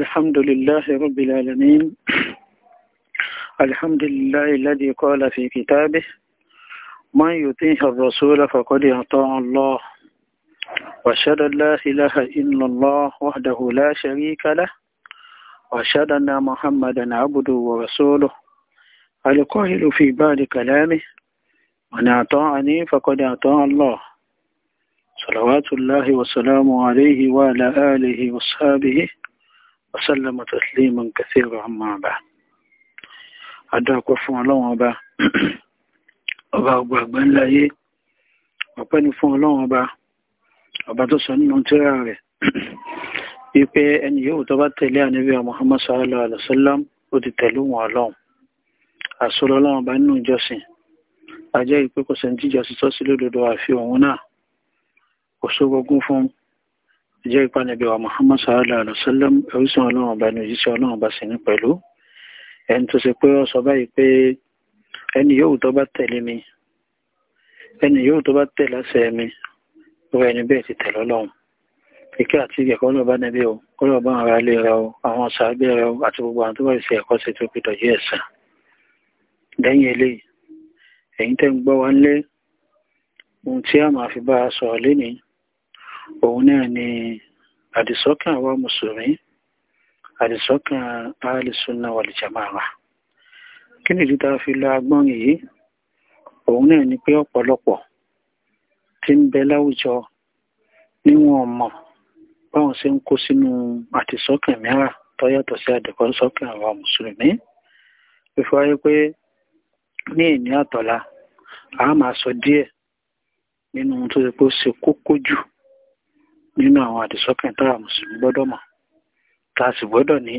الحمد لله رب العالمين الحمد لله الذي قال في كتابه من يطيع الرسول فقد أطاع الله وأشهد أن لا إله إلا الله وحده لا شريك له وأشهد أن محمدا عبده ورسوله القائل في بعد كلامه من أطاعني فقد أطاع الله صلوات الله وسلامه عليه وعلى آله وصحبه وسلم تسليما كثيرا عما بعد adáàkọ́ fún ọlọ́run ọba ọba ọgbà àgbáńláyé ọpẹ́ ni fún ọlọ́run ọba ọba tó sọ nínú tírà rẹ̀ wípé ẹni yóò tó bá tẹ̀lé ànábì Muhammad sallallahu alaihi wasallam ó ti tẹ̀lé wọn ọlọ́run àsọlọ ọlọ́run ọba nínú ìjọsìn ajẹ́ ìpé kò sẹ́ni tíjọsìn tọ́sí lódodo àfi òun náà kò sógogún fún jẹ́ ipa níbi wa muhammad sallallahu alaihi wa sallam orísun ọlọ́run ọba ní òjíṣẹ́ ọlọ́run ọba sí ní pẹ̀lú ẹni tó ṣe pé ó sọ báyìí pé ẹni yóò tó bá tẹ̀lé mi ẹni yóò tó bá tẹ̀lé àṣẹ mi rẹ ẹni bẹ́ẹ̀ ti tẹ̀lé ọlọ́run ìkẹ́ àti ìgbẹ̀kọ́ ọlọ́ba níbi o ọlọ́ba ara ilé rẹ o àwọn sàábẹ̀ rẹ o àti gbogbo àwọn tó bá ṣe ẹ̀kọ́ sí tó fi tọ́jú ẹ̀sán lẹ́yìn eléyìí ẹ̀yin tẹ́ ń gbọ́ wa ń lé ohun tí a máa fi bá a sọ̀rọ̀ lénìí òun náà ni àdìsọ́kàn àwa mùsùlùmí àdìsọ́kàn alìsúnà wàlìjàmára kí nìdí tá a fi lọ agbọ́nrin yìí òun náà ni pé ọ̀pọ̀lọpọ̀ tí ń bẹ láwùjọ níwọ̀n mọ̀ báwọn ṣe ń kó sínú àdìsọ́kàn mìíràn tó yàtọ̀ sí àdìsọ́kàn àwa mùsùlùmí fífi wáyé pé ní ènìyàn àtọ̀la a máa sọ díẹ̀ nínú ohun tó ṣe pé ṣe kókó jù nínú àwọn àdìsọ́kàn táwa mùsùlùmí gbọ́dọ̀ mọ̀ tá a sì gbọ́dọ̀ ní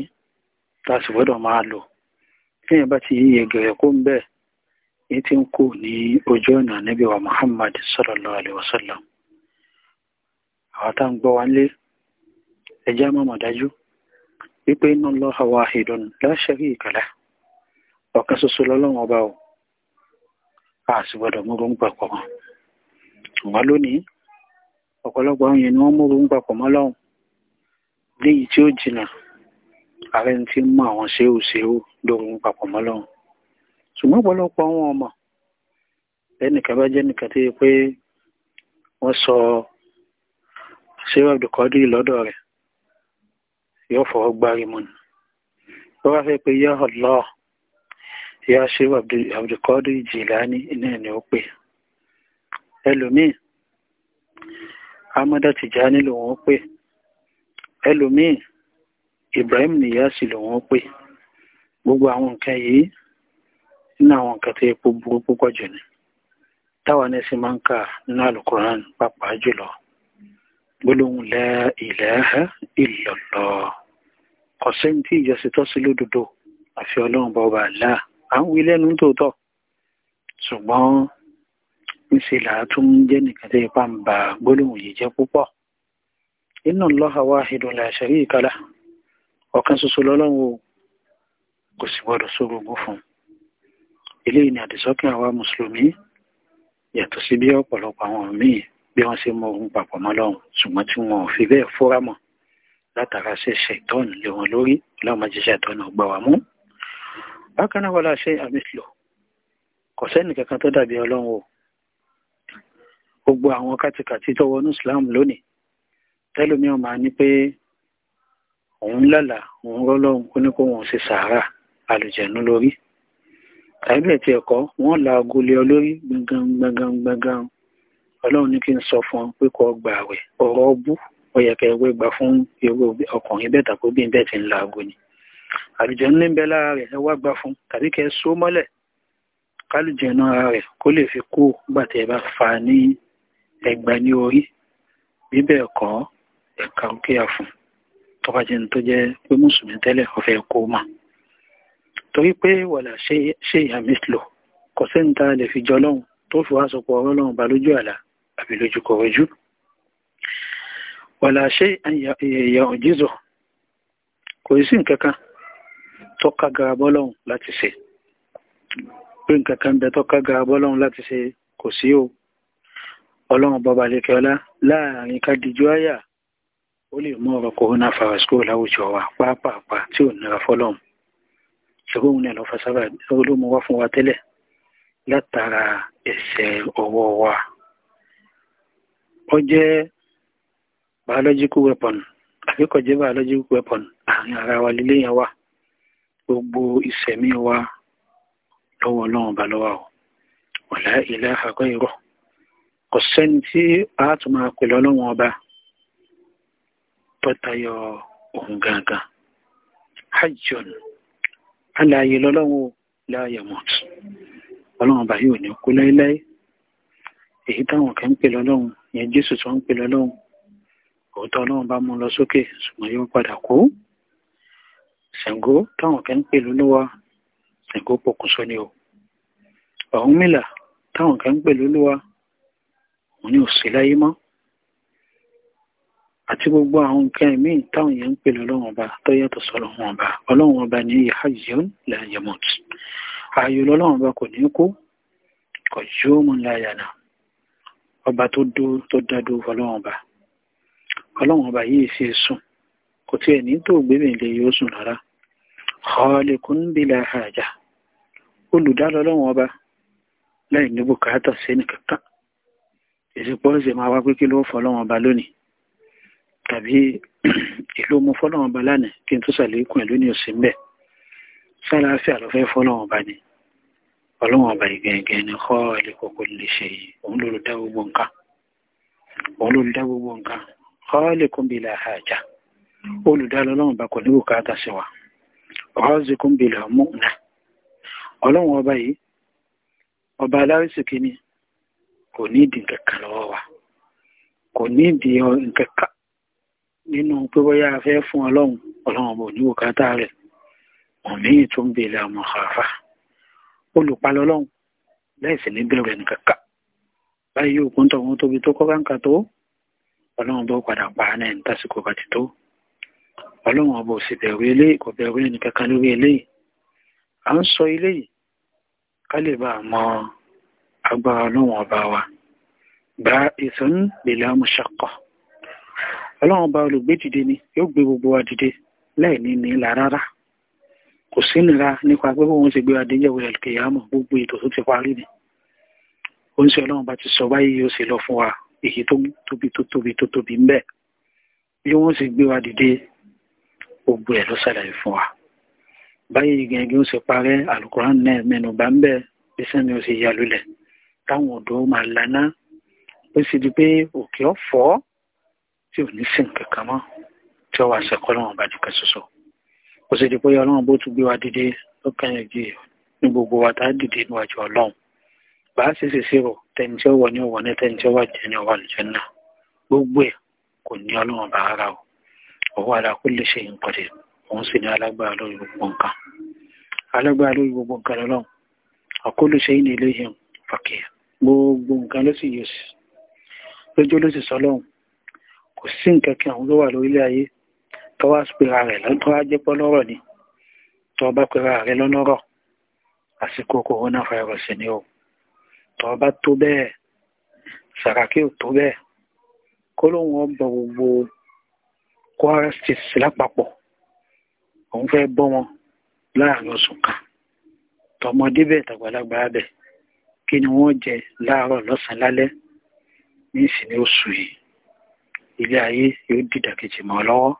tá a sì gbọ́dọ̀ máa lò téèyàn bá ti yíyẹ gẹ̀rẹ̀ kó ń bẹ́ẹ̀ ní ti ń kù ní ojú ọ̀nà ànábì wa Muhammad sallallahu alaihi wasallam àwọn tá ń gbọ́ wa lé ẹjẹ́ mọ̀mọ̀ dájú wípé inna Allaha wahidun la sharika lah ọ̀kan ṣoṣo lọ́lọ́run ọba o a sì gbọ́dọ̀ mú gbọ́ngbà pọ̀ wọn lónìí ọ̀pọ̀lọpọ̀ àwọn èèyàn ni wọ́n múrò ń papọ̀ mọ́ lọ́hùn léyìí tí ó jìnnà ààrẹ ń ti mú àwọn ṣéwù ṣéwù lóhun papọ̀ mọ́ lọ́hùn ṣùgbọ́n ọ̀pọ̀lọpọ̀ àwọn ọmọ ẹnìkan bá jẹ́ nìkan tó pé wọ́n sọ ṣéwù Abdulkadir lọ́dọ̀ rẹ̀ yóò fọwọ́ gbárí mu ni wọ́n fẹ́ pé yá Allah yá ṣéwù Abdulkadir Jilani iná ẹ̀ ni ó pè ẹlòmíì amada tijani lòun pè ẹlòmíì ibrahim niyasi lòun pè gbogbo àwọn nǹkan yìí nínú àwọn nǹkan tó yẹ kó burú púpọ̀ jù ni táwa ní sí máa ń kà nínú alukoran pàápàá jùlọ gbólóhùn la ilaha illallah ọ̀sẹ́ni tí ìjọsìn tọ́ sí lódodo àfi ọlọ́run bọba àlá à ń wí lẹ́nu tòótọ́ ṣùgbọ́n ńṣe làá tún jẹ́ nìkan tẹ́ ipá ń ba gbólóhùn yìí jẹ́ púpọ̀ inna Allaha wahidun la sharika lah ọ̀kan ṣoṣo lọ́lọ́wọ́ kò sì gbọ́dọ̀ sórogún fún eléyìí ni àdìsọ́kàn àwa mùsùlùmí yàtọ̀ sí bí ọ̀pọ̀lọpọ̀ àwọn míì bí wọ́n ṣe mọ ogun papọ̀ mọ́ lọ́hùn ṣùgbọ́n tí wọn ò fi bẹ́ẹ̀ fúra mọ́ látara ṣe ṣètọ́n lé wọn lórí ọlọ́mọdé ṣètọ́n ọgbà wà mú bákan náà wọlé àṣẹ àmì lò kò sẹ́nì kankan tó dàbí ọlọ́run o gbogbo àwọn kátìkàtì tó wọnú islam lónìí tẹ́lómi ọmọ ní pé òun lálà òun rọ́lọ́run kó ní kó wọn ṣe sàárà àlùjẹ̀nú lórí tàbí ẹ̀tì ẹ̀kọ́ wọ́n la agolé olórí gbẹ̀ngàn gbẹ̀ngàn gbẹ̀ngàn ọlọ́run ní kí n sọ fún ọ pé kó gbà rẹ̀ ọ̀rọ̀ ọbú ó yẹ kẹ́ ẹgbẹ́ gbà fún irú ọkùnrin bẹ́ẹ̀ tàbí obìnrin bẹ́ẹ̀ ti ń la ago ni àlùjẹ̀nú ní bẹ́ẹ̀ lára rẹ̀ ẹ wá gbà fún tàbí kẹ́ ẹ só mọ́lẹ̀ kálùjẹ̀nú ara rẹ̀ kó lè fi kú gbàtẹ́ bá fa ní ẹgbà ní orí bíbẹ̀ ẹ̀kọ́ ẹ̀ka rúkìá fún tọ́ba jẹ́ ní tó jẹ́ pé mùsùlùmí tẹ́lẹ̀ ọ̀fẹ́ kó mà torí pé wàlà ṣe ìyá mislo kò sẹ́ni tá a lè fi jọ lọ́hùn tó fi wá sọpọ̀ ọ̀rọ̀ lọ́hùn bá lójú àlá àbí lójú kọ̀ọ̀jú wàlà ṣe ìyá òjìzọ kò sí nǹkan kan tó kága bọ́lọ́hùn láti ṣe pé nǹkan kan bẹ tó kága bọ́lọ́hùn láti ṣe kò sí o ọlọ́run bọ́ba lẹ́kẹ́ọ́lá láàrin kádìjú àyà ó lè mú ọ̀rọ̀ corona virus kúrò láwùjọ wa pápápá tí ò nira fọlọ́run ṣùgbọ́n òun náà lọ fa sábà olómi wá fún wa tẹ́lẹ̀ látara ẹ̀ṣẹ̀ ọwọ́ wa ó jẹ́ biological weapon àbí kò jẹ́ biological weapon àárín ara wa lílé yẹn wà gbogbo ìṣẹ̀mí wa lọ́wọ́ ọlọ́run bá lọ́wọ́ ọ̀ wala ilaha ghayruh kò sẹ́ni tí a tún máa pè lọ́lọ́wọ́n ọba tọ́tayọ ohun gangan hajjọ́n aláàyè lọ́lọ́wọ́ láàyè mọ̀t ọlọ́wọ́n ọba yóò ní kú láíláí èyí táwọn kan ń pè lọ́lọ́wọ́n yẹn jésù tí wọ́n ń pè lọ́lọ́wọ́n òótọ́ ọlọ́wọ́n bá mú lọ sókè ṣùgbọ́n yóò padà kú ṣàngó táwọn kan ń pè lọ́lọ́wọ́ ṣàngó pokùnso ni o ọ̀hún mìlà táwọn kan ń pè lọ́lọ́wọ́ mo ní òsì láyé mọ́ àti gbogbo àwọn nǹkan míì táwọn èèyàn ń pè lọ́lọ́wọ́n ọba tó yàtọ̀ sọ́lọ́wọ́n ọba ọlọ́wọ́n ọba ní hayyun la yamut ààyò lọ́lọ́wọ́n ọba kò ní kú kò yóòmùn la yana ọba tó dádó ọlọ́wọ́n ọba ọlọ́wọ́n ọba yìí ṣe sùn kò tí ní tó gbébìnlẹ̀ yóò sùn rárá khaliqun bila haja olùdálọ́lọ́wọ́n ọba láì ní bùkátà sí ẹnì ìsìnkú ọ̀sẹ̀ máa wá pé kí ló fọlọ́wọ́n ba lónìí tàbí ìlú mo fọlọ́wọ́n ba lánàá kí n tó sàlékún ẹ̀ lónìí òsì ń bẹ̀ sálàáfíà ló fẹ́ fọlọ́wọ́n ba ni ọlọ́wọ́n ba ìgbẹ̀ngẹ̀ ni kọ́ ẹ̀lẹ́kọ̀ọ́kọ́ lè ṣe yìí òun ló dá gbogbo nǹkan òun ló dá gbogbo nǹkan kọ́ ẹ̀lẹ́kùn bí làhájà olùdálọ́lọ́wọ́n ba ọba yìí kò ní ìdí nǹkan kan lọ́wọ́ wa kò ní ìdí nǹkan kan nínú pé bóyá a fẹ́ fún ọlọ́run ọlọ́run ọmọ òníwò kátà rẹ̀ ọ̀mí tó ń bèèrè àwọn àfà olùpalọ́lọ́run lẹ́sìn ní bẹ̀rù ẹnì kankan báyìí yóò kún tọ̀hún tóbi tó kọ́ káńkà tó ọlọ́run bó padà pa á náà ní tásìkò bá ti tó ọlọ́run ọba òsì bẹ̀rù ilé kò bẹ̀rù ẹnì kankan lórí ilé à ń sọ ilé ká lè bá a mọ agbára ọlọ́run ọba wa bá ìsọ́n lèlá mọ̀ṣàkọ̀ ọlọ́run ọba olùgbé dìde ni yóò gbé gbogbo wa dìde láì ní nílà rárá kò sí nira nípa pé bóun ti gbé wa dé yẹ̀wò ẹ̀kẹ́yàmọ̀ gbogbo ètò tó ti parí ni ó ń sọ ọlọ́run bá ti sọ báyìí yóò sì lọ fún wa èyí tó tóbi tó tóbi tó tóbi ń bẹ bí wọ́n sì gbé wa dìde gbogbo ẹ̀ ló ṣàlàyé fún wa báyìí gẹ̀ẹ́gẹ́ ó sì parẹ́ àlùkùránì náà mẹ́nu bá ń bẹ bí sẹ́mi ó sì yá lulẹ̀ táwọn ọ̀dọ́ máa laná ó sì di pé òkè ọ̀fọ́ tí ò ní sìn kankan mọ́ tí ó wà sẹ́kọ́ lọ́wọ́n bá nìkan ṣoṣo ó sì di pé ọlọ́run bó tún gbé wa dìde ó kàn yẹn gbé ní gbogbo wa tá a dìde níwájú ọlọ́run bá a sì sì ṣèrò tẹni tí ó wọ ní ọwọ́ ní tẹni tí ó wà jẹ ní ọwọ́ àlùjẹ́ náà gbogbo ẹ̀ kò ní ọlọ́run bá ara o ọwọ́ ara kó lè ṣe nǹkan dé òun sì ní alágbára lórí gbogbo nǹkan alágbára lórí gbogbo nǹkan lọ́lọ́run ọkọ́ ló ṣe ní ilé yẹn fàkìyà gbogbo nǹkan ló sì yẹ sí lójú ló sì sọ lọ́hùn kò sí nǹkan kan àwọn ló wà lórílẹ̀ ayé tó wá pera rẹ̀ tó wá jẹ́ pọ́lọ́rọ̀ ni tó bá pera rẹ̀ lọ́lọ́rọ̀ àsìkò corona virus ni o tó bá tó bẹ́ẹ̀ Sàràkí ò tó bẹ́ẹ̀ kó lóun ọba gbogbo Kwara State lápapọ̀ òun fẹ́ bọ́ wọn láàrin oṣù kan tọmọdé bẹ́ẹ̀ tàgbàlagbà bẹ́ẹ̀ kí ni wọ́n jẹ láàárọ̀ lọ́sàn-án lálẹ́ ní ìsinmi oṣù yìí ilé ayé yóò dìdàkejì mọ́ lọ́wọ́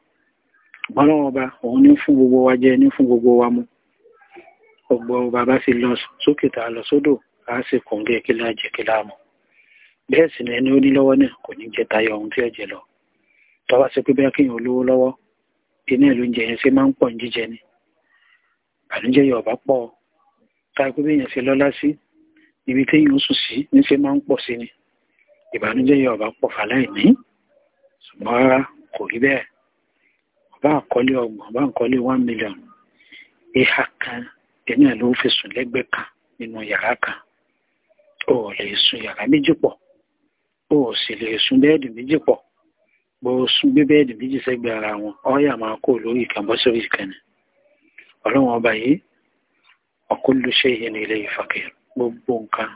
ṣùgbọ́n lọ́wọ́ ọba òun ní fún gbogbo wa jẹ ní fún gbogbo wa mu ọgbọ́n ọba bá sì lọ sókè tá a lọ sódò a sì kòǹgẹ́ kí láà jẹ kí láà mu bẹ́ẹ̀ sì ni ẹni ó ní lọ́wọ́ náà kò ní jẹ tayọ ohun tí ẹ jẹ lọ tọ́wọ́ sí pé bẹ́ẹ̀ kí yẹn olówó lọ́wọ́ iná ìlú oúnjẹ yẹn ṣe máa ń pọ̀ ní jíjẹ ni àlújẹ yọ̀ọ̀bá pọ̀ táà pé bí yẹn ṣe lọ́lá sí ibi téèyàn sùn sí níṣẹ́ máa ń pọ̀ sí ni ìbànújẹ́ yẹ ọba pọ̀ fàlàyé ní ṣùgbọ́n rárá kò rí bẹ́ẹ̀ ọba àkọlé ọgbọ̀n ọba àkọlé one million ìhà kan ẹni àlọ́ fi sùn lẹ́gbẹ̀ẹ́ kan nínú yàrá kan o ò lè sùn yàrá méjì pọ̀ o ò sì lè sùn bẹ́ẹ̀dì méjì pọ̀ bó o sùn gbé bẹ́ẹ̀dì méjì sẹ́gbẹ̀ẹ́ ara wọn ọ̀yà máa kó lórí ìkànbọ́ sórí ìkànnì ọlọ́run ọba yìí wa kullu shay'in ilayhi faqir gbogbo nǹkan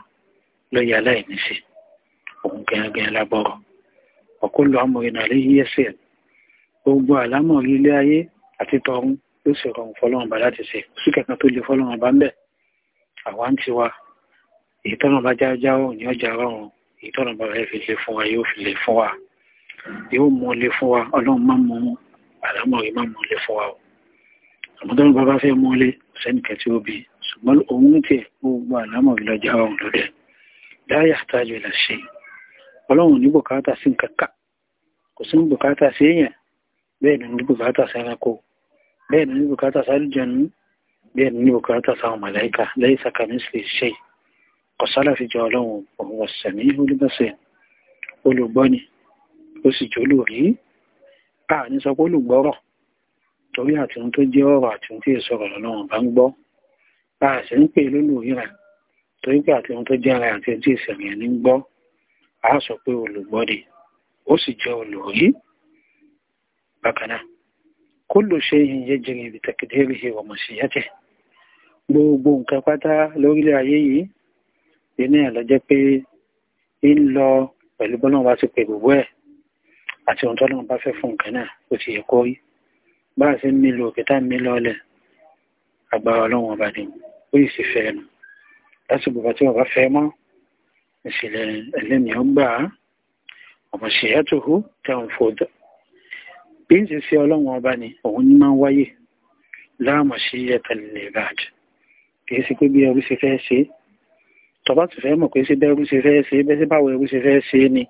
ló yẹ aláìní sí òun gẹ́gẹ́ lábọ́rọ̀ ọ̀kúlù amòrin àlẹ́ yíyẹ sí ẹ̀ gbogbo àlámọ̀ ilé ayé àti tọ̀run ló sì rọrùn fọlọ́run bá láti ṣe sí kankan tó lè fọlọ́run bá ń bẹ̀ àwa ń tiwa èyí tọ́nà bá jájá ọ̀run ní ọjà rọrùn èyí tọ́nà bá rẹ̀ fi lè fún wa yóò fi lè fún wa yóò mú lè fún wa ọlọ́run má mú àlámọ̀ yìí má mú lè fún wa o àmọ́ tọ́nà bá bá fẹ́ mú lé sẹ́nìkẹ́ tí ó bíi ṣùgbọ́n òun tiẹ̀ gbogbo àlámọ̀ ìlọjà ọ̀hún ló dẹ̀ láyà tájú ilẹ̀ ṣe ọlọ́run ní bùkátà sí nkàkà kò sí bùkátà sí èèyàn bẹ́ẹ̀ ni ní bùkátà sí ẹranko bẹ́ẹ̀ ni ní bùkátà sí àlùjànnú bẹ́ẹ̀ ni ní bùkátà sí àwọn màláíkà lẹ́yìn sàkàní sì ṣe kọ̀sálà fi jọ ọlọ́run òun wọ̀ sẹ̀mí olùbọ̀sẹ̀ olùgbọ́ni ó sì jọ lórí a ní sọ pé olùgbọ́rọ̀ torí àtìhun tó jẹ́ ọ̀rọ̀ àtìhun tí èso ọ̀rọ̀ lọ́wọ́n bá ń gbọ́ bá a ṣe ń pè lólùwíra torí pé àti ohun tó jẹ́ ara àti ojú ìṣẹ̀lẹ̀ ní gbọ́ a sọ pé olùgbọ́dẹ ó sì jẹ́ olùrí bákan náà kullu shay'in yajri bi taqdirihi wa mashiyyatihi gbogbo nǹkan pátá lórílẹ̀ ayé yìí iná ẹ̀ lọ jẹ́ pé ń lọ pẹ̀lú bọ́lọ́run bá ti pè gbogbo ẹ̀ àti ohun tọ́lọ́run bá fẹ́ fún nǹkan náà ó ti yẹ kó rí bá a ṣe ń mi lò òkè mi lọ agbára ọlọ́run ọba dìbò ó yìí sì fẹ́ ẹnu lásìkò bàbá tí bàbá fẹ́ mọ́ ìṣẹ̀lẹ̀ ẹlẹ́mìí ó gbà á ọmọ ṣèyá bí ń ṣe ṣe ọlọ́run ọba ni òun ní máa ń wáyè láàmú sí ẹ̀tẹ̀lẹ̀ ìbàdí kìí ṣe pé bí ẹrú ṣe fẹ́ ṣe tọba tó fẹ́ mọ̀ pé ṣe bẹ́rú ṣe fẹ́ ṣe bẹ́sẹ̀ báwo ẹrú ṣe fẹ́ ṣe ni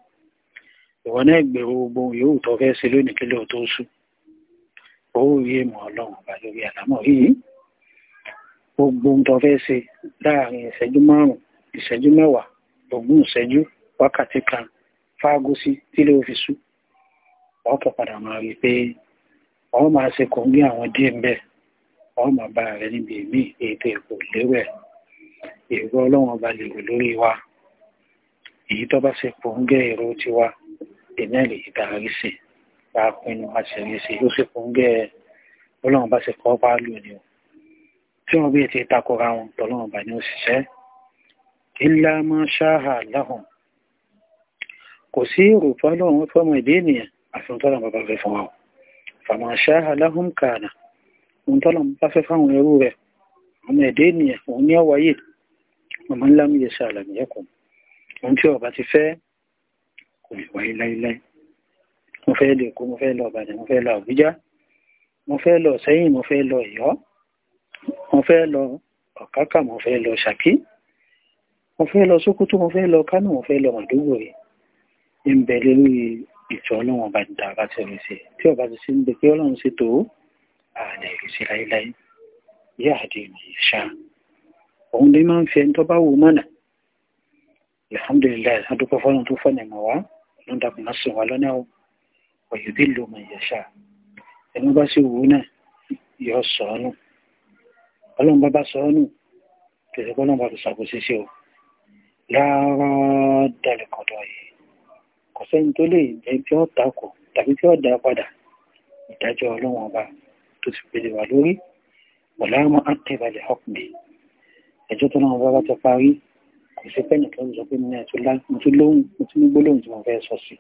ìwọ náà gbèrò gbogbo yòówù tó fẹ́ ṣe lónìí kílẹ̀ tó sùn ó rí èmọ̀ ọlọ́run ọba lórí àlámọ̀ yìí gbogbo ohun tó fẹ́ ṣe láàrin ìṣẹ́jú márùn-ún ìṣẹ́jú mẹ́wàá ogún ìṣẹ́jú wákàtí kan fáágó sí tílé ó fi sú ọkọ̀ padà máa rí pé ọ máa ṣe kòǹgí àwọn díẹ̀ ń bẹ̀ ọ máa bá rẹ níbi èmi ètò èkó lérò ẹ̀ èrò ọlọ́run ọba lè rò lórí wa èyí tó bá ṣe kòǹgẹ́ èrò tiwa ìná lè yí dárí sí bá a pinnu àṣírí sí ó ṣe kòǹgẹ́ ọlọ́run bá ṣe kọ́ bá lò o tí wọ́n bí ti takora wọn tọ́lọ́wọ́n bá ní òṣìṣẹ́ illa ma shaha lahum kò sí èrò fọ́lọ́wọ́n fọ́mọ ìdí ènìyàn àti tọ́lọ́wọ́n bá bá fẹ́ fún wa fama shaha lahum kana òun tọ́lọ́wọ́n bá fẹ́ fáwọn ẹrú rẹ̀ ọmọ ìdí ènìyàn òun ní ọwáyé ọmọ ńlá mi yẹ sàlàmì ẹkùn ohun tí ọba ti fẹ́ kò lè wáyé láíláí mo fẹ́ lè kó mo fẹ́ lọ Ìbàdàn mo fẹ́ lọ Àbújá mo fẹ́ lọ sẹ́yìn mo fẹ́ lọ Ọ̀yọ́ mo fẹ́ lọ ọ̀kákà mo fẹ́ lọ ṣàkí mo fẹ́ lọ sókótó mo fẹ́ lọ kánò mo fẹ́ lọ màdúgbò rẹ̀ ń bẹ lórí ìtọ́ ọlọ́run ọba dá bá ti rí sí tí ọba ti sí ń bẹ pé ọlọ́run sì tó ààlẹ rí sí láéláé yá àdé ìmọ̀ye ṣá òun lè máa ń fi ẹni tó bá wù mọ́nà alhamdulilayi adúpọ̀ fọ́nà tó fọ́nà ìmọ̀ wá ló ń dàpọ̀ sùn wá lọ́nà o ọ̀yọ́ bí lòmọ̀ ìyẹ̀ṣà ẹni bá sì wù náà yọ sọ̀ọ́nù ọlọ́run bá bá sọ ọ́ nù tẹ̀sẹ̀ kọ́ náà bá fi ṣàkóso ṣe o láàárọ̀ dalẹ̀ kọ̀dọ̀ yìí kò sẹ́ni tó lè jẹ́ tí ó takò tàbí tí ó dá padà ìdájọ́ ọlọ́run ọba tó ti pèlè wà lórí wọ̀láàmọ́ àtẹ̀balẹ̀ ọkùnrin ẹjọ́ tó náà bá bá ti parí kò sí pẹ́ẹ́nì tó ń sọ pé mi tún lóhùn mo tún ní gbólóhùn tí mo fẹ́ sọ sí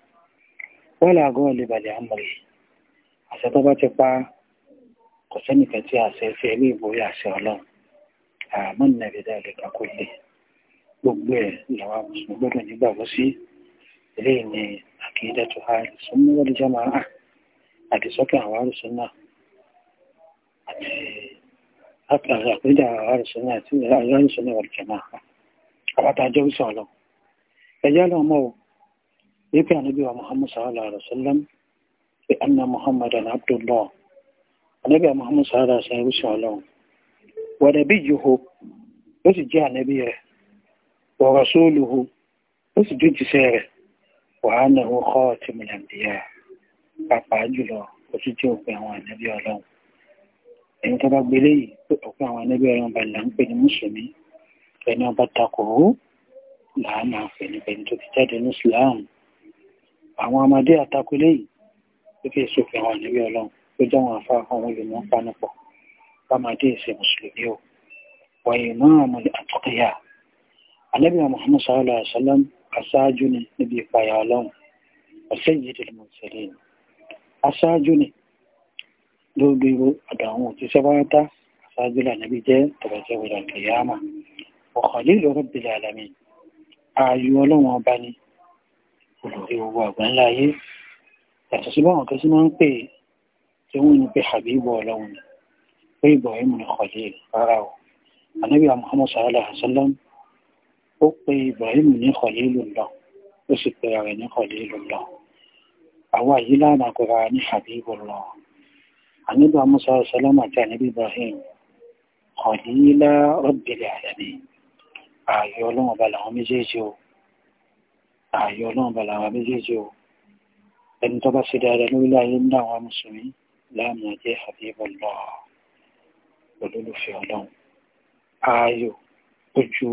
wọ́n làgọ́ ọ̀lẹ́balẹ̀ àmọ̀rẹ́ àṣẹ tó bá ti pa kò sẹ́nìkan tí àṣẹ fi ẹ̀rí ìborí àṣẹ ọlọ́run àmọ́ nàìjíríà lè kakó lè gbogbo ẹ̀ làwa mùsùlùmí gbọ́dọ̀ nígbàgbọ́ sí eléyìí ni àkìídà tó ha ìsúnmọ́ wọ́n jẹ́ máa hàn àdìsọ́kẹ́ àwọn arúsùn náà àti àkìídà àwọn arúsùn náà àti arúsùn náà wọ́n jẹ́ máa hàn àwọn àtàjọ́ ìsọ̀ ọlọ́ ẹjẹ́ lọ́mọ o wípé ànábì muhammad sallallahu alaihi wa sallam pé anna muhammadan abdullah ànábì Muhammad sáárà sí ẹrúsìn ọlọ́run wọ̀dẹ̀ bí yòho ó sì jẹ́ ànábì rẹ̀ wọ̀rọ̀ sóòlùhù ó sì jójìṣẹ́ rẹ̀ wàá nàró kọ́ ọ̀tí mìlàndíyà pàápàá jùlọ ó sì jẹ́ òpin àwọn ànábì ọlọ́run ẹni tó bá gbélé yìí pé òpin àwọn ànábì ọlọ́run bá là ń pè ní mùsùlùmí ẹni ọba takò ó làá máa pè ní pẹ̀lú tó ti jáde ní Islam àwọn ọmọdé àtakò léyìí ó fi èso òfin àwọn ànábì ọlọ́run ló jẹ́ àwọn afárá àwọn olùmọ̀ panupọ̀ bá máa dé ìsìn mùsùlùmí o wàyí náà mo lè àtọ́kẹ́yà alẹ́bí Muhammad sallallahu alaihi wasallam aṣáájú ni níbi ìpayà ọlọ́run ọ̀sẹ̀ yìí dìlú mọ̀sẹ̀lẹ̀ ni aṣáájú ni lóògbèrò ọ̀dọ̀ àwọn òjíṣẹ́ báyátá aṣáájú lànàbí jẹ́ tọ̀bẹ̀tẹ̀ wẹ̀rẹ̀ kìyàmà ọ̀kọ̀lẹ́ ìlọ́rọ̀ bìlẹ̀ àlàmì ààyò ọlọ́run ọba ni olùrí owó àgbáńlá ayé yàtọ̀ sí báwọn kan máa ń pè tí wọ́n ń pè habibu ọlọ́run pé ibrahim ní khalil rárá o anabi muhammad sallallahu alaihi wa sallam ó pe ibrahim ní khalilullah ó sì pe ara ní khalilullah àwa yìí lánà pẹ̀lú ara ní habibullah anabi muhammad sallallahu alaihi wa sallam àti anabi ibrahim khalila rabbil alamin ààyè ọlọ́run ọba làwọn méjèèjì o ààyè ọlọ́run ọba làwọn méjèèjì o ẹni tó bá ṣe dáadáa lórílẹ̀ ayé ń dá àwọn mùsùlùmí láàmú ajé àbíbọ̀lọ́ olólùfẹ́ ọlọ́run ààyò ojú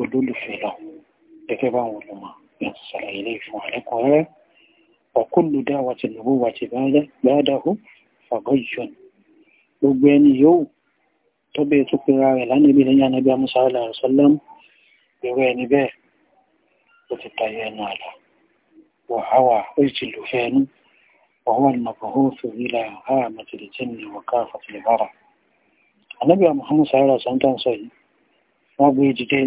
olólùfẹ́ lọ gẹ́gẹ́ báwọn olùmọ̀ yẹn sọ̀rọ̀ ilé ìfún àrẹ́kọ̀ọ́rẹ́ ọ̀kúlù dáwà tí lòwó wà tí gbádáhù fàgọ́yọ̀n gbogbo ẹni yóò tó bẹ́ẹ̀ tó pera rẹ̀ lánàbí lẹ́yìn anábí amúsá aláàrẹ̀sọ́lám irú ẹni bẹ́ẹ̀ ó ti tayọ ẹnu àlà wàháwà ó sì ti lò fẹ́ وهو المبعوث إلى عامة الجن وكافة البرر Ànábì Muhammad sàárà sọ́ntàn sọ yìí wọ́n gbé jíde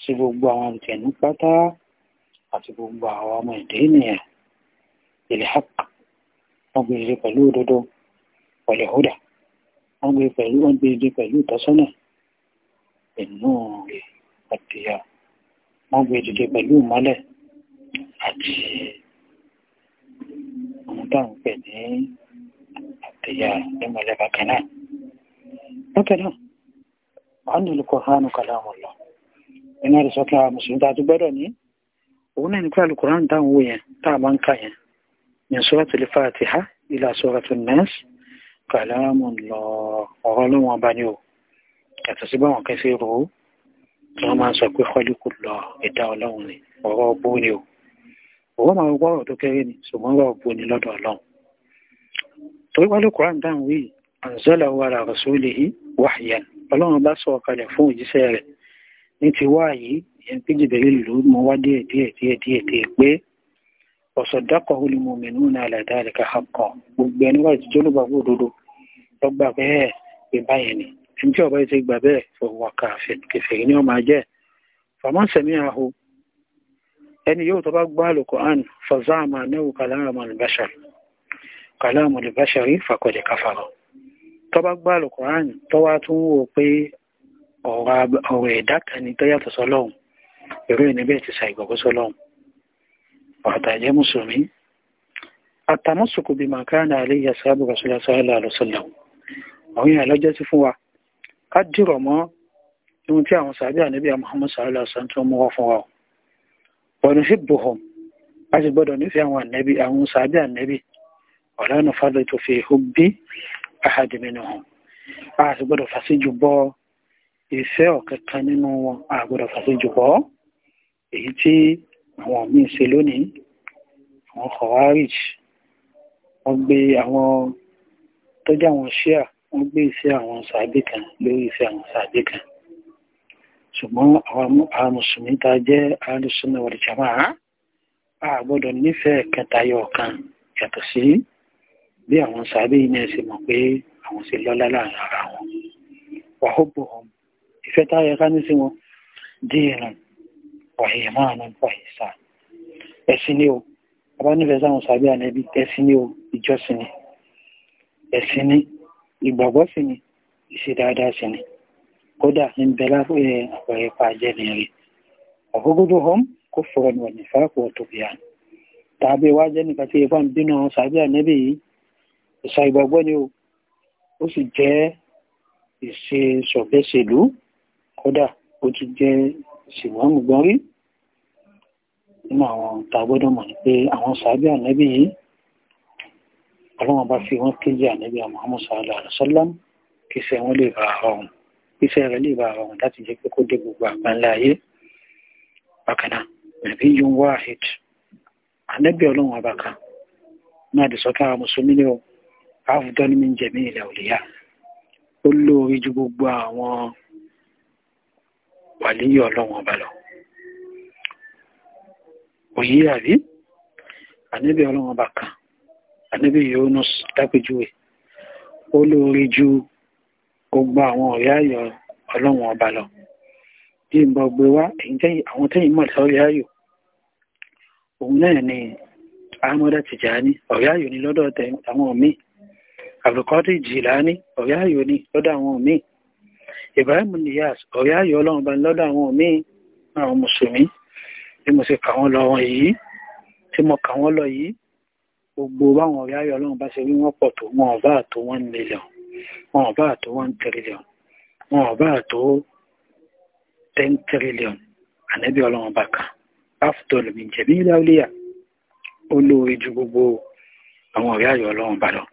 sí gbogbo àwọn àlùjànnú pátá àti gbogbo àwọn ọmọ èdè ènìyàn ilẹ̀ haq wọ́n gbé jíde pẹ̀lú òdodo pẹ̀lú hódà wọ́n gbé jíde pẹ̀lú ìtọ́sọ́nà pẹ̀lú rẹ̀ àti ìyá wọ́n gbé jíde pẹ̀lú ìmọ́lẹ̀ àti tá à ń pè ní àtìyà ní mọ̀lẹ́bà kan náà. bákan náà àánúlù Kùránù kalamullah iná rẹ̀ sọ́kẹ́ àwọn mùsùlùmí tá a ti gbọ́dọ̀ ní òun náà ní pé al tá à ń wò yẹn tá a máa ń kà yẹn ní Suratul Fatiha ila Suratun Nas kalamullah ọ̀rọ̀ ló wọn bá ní o yàtọ̀ sí báwọn kẹsì rò ó tí wọ́n máa ń sọ pé khaliqullah ẹ̀dá ọlọ́run òwò máa wọ́ ọ̀rọ̀ tó kéré ni ṣùgbọ́n wọ́n bu ni lọ́dọ̀ ọlọ́run torí wọ́n lè Kùránì dáhùn wí àǹzọ́là wàrà rasulihi wahyan ọlọ́run bá sọ ọ̀kalẹ̀ fún òjíṣẹ́ rẹ̀ ní ti wá yìí ìyẹn pé jìbẹ̀rẹ̀ ló mọ wá díẹ̀ díẹ̀ díẹ̀ díẹ̀ díẹ̀ pé ọ̀sọ̀dákọ̀ ó lè mọ òmìnira ala dhalika haqqan gbogbo ẹni wáyé tíjọ́ ló bá wò dodo lọ́gbà bẹ́ẹ̀ pé báyẹn ni ẹni tí ọba yìí ti gbà bẹ́ẹ̀ fọwọ́ kàfẹ́ kẹfẹ́ ní ọmọ ajẹ́ fàmọ́sẹ̀mí àhó ẹni yóò tó bá gbọ́ alukur'an fọzáàmà náà kàlámù lùbáṣàrí fàkọ̀dẹ̀ káfàrọ̀ tó bá gbọ́ alukur'an tó wá tún wò pé ọ̀rọ̀ ẹ̀dá kan ni tó yàtọ̀ sọlọ́hun ìró ẹni bẹ́ẹ̀ ti sa ìgbàgbọ́ sọlọ́hun ọ̀tàjẹ́ mùsùlùmí àtàmọ́sùkù bí màkánà àléyà sábà rasulá sọ́lá àlọ́sọ́lá àwọn èèyàn lọ́jọ́ sí fún wa ká dìrọ̀ mọ́ ohun tí àwọn sàbí àníbí Muhammad sàálà sàn tó mú wá fún wa o ونحبهم أجبر نفيا والنبي أو صحابي النبي ولا نفرط في حب أحد منهم أجبر فسجبا ìfẹ́ ọ̀kẹ́kan nínú wọn àgbọ̀dọ̀ fàṣejùbọ́ èyí tí àwọn míì ṣe lónìí àwọn kọ̀wárìj wọ́n gbé àwọn tọ́jú àwọn ṣíà wọ́n gbé ìfẹ́ àwọn sàábì kan lórí ìfẹ́ àwọn sàábì kan ṣùgbọ́n àwọn mùsùlùmí ta jẹ́ alùsùnà wal jamaa a gbọ́dọ̀ nífẹ̀ẹ́ kẹtayọ kan yàtọ̀ sí bí àwọn sàábé iná ẹ̀sẹ̀ mọ̀ pé àwọn sì lọ́lá láàrin ara wọn wàhóbò hàn ìfẹ́ táyẹ ká ní ni o bàbá nífẹ̀ẹ́ sáwọn sàábé ànẹ́bí ẹ̀sìn ni o ìjọsìn ni ẹ̀sìn ìgbàgbọ́ sí ni ìṣe dáadáa sí ni kódà ń bẹ lábẹ́ àpẹẹrẹ pàjẹ́ nìyẹn ọ̀gógódó hom kó fọ̀rọ̀ ní ọ̀nà ìfáàpọ̀ tóbíà tàbí wá jẹ́ nìkan tí ifá ń bínú àwọn sàbí ànẹ́bì yìí ìsà ìgbàgbọ́ ni o ó sì jẹ́ ìṣe sọ̀bẹ́sẹ̀lú kódà ó ti jẹ́ ìṣìwọ́n gbọ́n rí nínú àwọn tàgbọ́dọ̀ mọ̀ ní pé àwọn sàbí ànẹ́bì yìí ọlọ́wọ́n bá fi wọ́n kéjì ànẹ́bì àmọ́ àmọ́ sàálà àlọ́sọ́lám kí sẹ́wọ́n lè bá ọ̀hún iṣẹ́ rẹ̀ lè bá rọrùn láti jẹ́ pé kó dé gbogbo àgbáńlá ayé nàbí yun wahid anẹ́bí ọlọ́run abaka náà dì sọ́kà mùsùlùmí ni ó afdal min jamil awliya ó lóore ju gbogbo àwọn wàlíyé ọlọ́run ọba lọ òyí àbí anẹ́bí ọlọ́run abaka anẹ́bí Yunus dápẹ́júwe ó lóore ju gbogbo àwọn ọ̀yá ayò ọlọ́run ọba lọ bí n bọ gbé wá àwọn tẹ́yìn mọ̀ sọ́rọ̀ ayò òun náà ni Ahmada Tijani ọ̀yá ayò ni lọ́dọ̀ àwọn míì Abdulkadir Jilani ọ̀yá ayò ni lọ́dọ̀ àwọn míì Ibrahim Niyas ọ̀yá ayò ọlọ́run ọba lọ́dọ̀ àwọn míì àwọn mùsùlùmí bí mo ṣe kà wọ́n lọ wọn yìí tí mo kà wọ́n lọ yìí gbogbo báwọn ọ̀yá ayò ọlọ́run bá ṣe rí wọ́n pọ̀ tó wọn ọ̀bá tó wọn mílíọ̀n wọn ò bá tó one trillion wọn ò bá tó ten trillion ànábì ọlọ́run bá kan afdol min jẹ̀bi láwùlíyà olóore ju gbogbo àwọn ọ̀rẹ́ ayọ̀ ọlọ́run bá lọ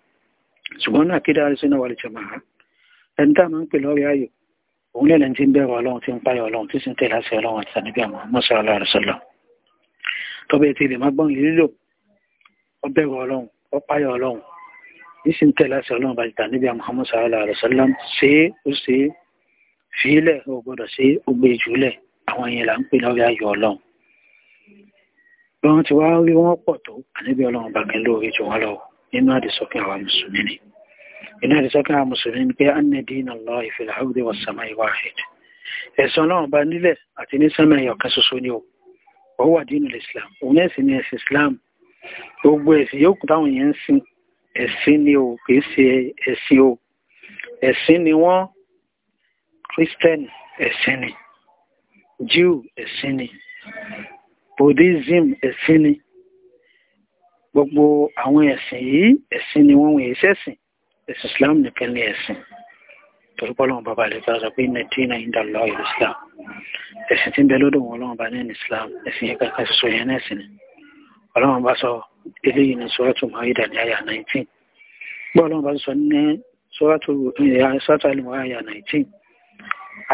ṣùgbọ́n náà kí dáa sínú wàlẹ̀ jọmọ́ ha ẹni tá a máa ń pè lọ́rẹ́ ayọ̀ òun lẹ́lẹ̀ tí ń bẹ̀rù ọlọ́run tí ń páyọ̀ ọlọ́run tí sì ń tẹ̀lé àṣẹ ọlọ́run àti sànibí àwọn mọ́sálà àrùsọ̀lọ́ tọ́bẹ̀ tí ọlọ́run ọpáyọ̀ ọlọ́run ìsìn tẹ̀lé àṣẹ ọlọ́run bá jìtà níbi Muhammad sallallahu alaihi wasallam ṣé ó ṣe fílẹ̀ ó gbọ́dọ̀ ṣe ó gbé jùlẹ̀ àwọn yẹn là ń pè lọ́rẹ́ ayọ̀ ọlọ́run lọ́run ti wá rí wọ́n pọ̀ tó àníbi ọlọ́run bá kẹ́ lóore jù wọ́n lọ nínú àdìsọ́kẹ́ àwa mùsùlùmí ni inú àdìsọ́kẹ́ àwa mùsùlùmí ni pé anna dina Allah fil ardi was samai wahid ẹ̀sán ọlọ́run bá nílẹ̀ àti ní sánmà ẹ̀yọ̀kan ṣoṣo ni ó wọ́n wà dínú Islam òun ẹ̀sìn ni ẹ̀sìn Islam gbogbo ẹ̀sìn yóò kú táwọn yẹn ń sìn ẹ̀sìn ni o kìí ṣe ẹ̀sìn o ẹ̀sìn ni wọ́n christian ẹ̀sìn ni jew ẹ̀sìn ni buddhism ẹ̀sìn ni gbogbo àwọn ẹ̀sìn yìí ẹ̀sìn ni wọ́n wọ̀nyí sẹ́sìn ẹ̀sìn islam nìkan ni ẹ̀sìn torí pé ọlọ́run bàbá àlejò sọ pé iná tí iná yìí dà lọ́wọ́ ìlú islam ẹ̀sìn tí ń bẹ lọ́dọ̀ wọn ọlọ́run bá ní islam ẹ̀sìn yẹn kankan ṣoṣo yẹn náà ẹ̀sìn ni ọlọ́run bá sọ eléyìí ní sọ́ràtù mọ́rídà ní àyà 19 gbọ́ọ̀lọ́wọ́ bá sọ ní sọ́ràtù alìmọ̀ àyà 19